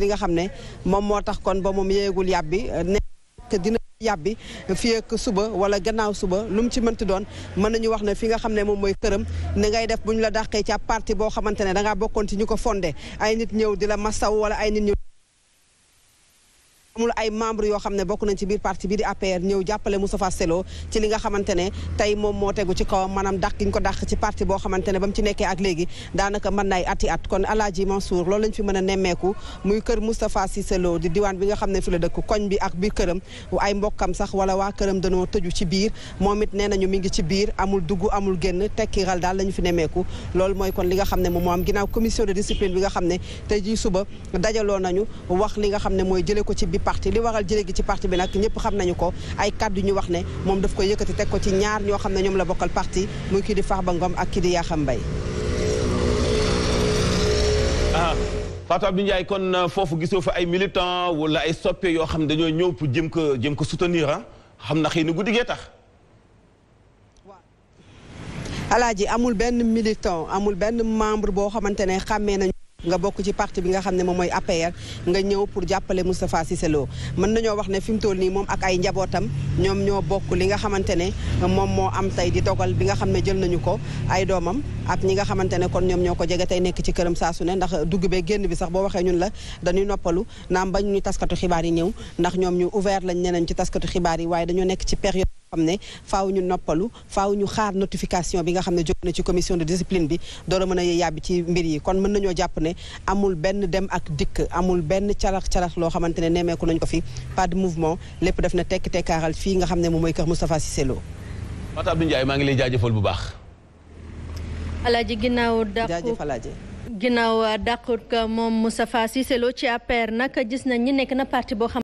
ci nga xam ne moom moo tax kon ba moom yeegul yàbbi euh, nekk dina yàbbi fii suba wala gannaaw suba lu mu ci mënti doon mën nañu wax ne fi nga xam ne moom mooy këram ni ngay def bu ñu la dàqee ci ab boo xamante ne dangaa bokkoon ci ñu ko fonde ay nit ñëw di la masaw wala ay nit ñëw amul ay membre yoo xam ne bokk nañ ci biir parti bi di APR ñëw jàppale Moustapha Cissé ci li nga xamante ne tey moom moo tegu ci kawam maanaam dàq giñ ko dàq ci parti boo xamante ne ba mu ci nekkee ak léegi daanaka mën naay ati at kon Alaaji Mansour loolu lañ fi mën a nemmeeku muy kër Moustapha Cissé Lo di diwaan bi nga xam ne fi la dëkk koñ bi ak biir këram ay mbokkam sax wala waa këram danoo tëju ci biir moom it nee nañu mi ngi ci biir amul dugg amul génn tekkiral daal la ñu fi nemmeeku loolu mooy kon li nga xam ne moom moo am ginnaaw commission de discipline bi nga xam ne tey jii suba dajaloo ko ci bi parti li waral jële gi ci parti bi nag ñëpp xam nañu ko ay kàddu ñu wax ne moom daf koy yëkkati teg ko ci ñaar ñoo xam ne ñoom la bokkal parti muy kii di Farba Ngom ak kii di Yakham Mbaye ah, Fatou Abdou Ndiaye kon euh, foofu gisoo fa ay militant wala ay soppe yoo xam ne dañoo ñëw pour jëm ko jëm ko soutenir ah? xam na xëy na guddi tax alaaji amul benn militant amul benn membre boo xamante ne xàmmee nañu nga bokk ci parti bi nga xam ne moom mooy APR nga ñëw pour jàppale Moustapha Cissé Lo mën nañoo wax ne fi mu toll nii moom ak ay njabootam ñoom ñoo bokk li nga xamante ne moom moo am tey di dogal bi nga xam ne jël nañu ko ay doomam ak ñi nga xamante ne kon ñoom ñoo ko jege tey nekk ci këram saa su ne ndax dugg bee génn bi sax boo waxee ñun la dañuy noppalu naam bañ ñu taskatu xibaar yi ñëw ndax ñoom ñu ouvert lañ ñeneen ci taskatu xibaar yi waaye nekk ci période xam ne faaw ñu noppalu faaw ñu xaar notification bi nga xam ne jóg na ci commission de discipline bi door a mën a yàbbi ci mbir yi kon mën nañoo jàpp ne amul benn dem ak dikk amul benn calax-calax loo xamante ne nemeeku nañ ko fi pas de mouvement lépp def na tekk tekkaaral fii nga xam ne moom mooy kër Moustapha Cissé Lo Mata Abdou Ndiaye maa ngi lay jaajëfal bu baax alaaji ginnaaw jaajëf alaaji ginnaaw dàqut ka moom Moustapha Cissé Lo ci APR nag gis na ñi nekk na parti boo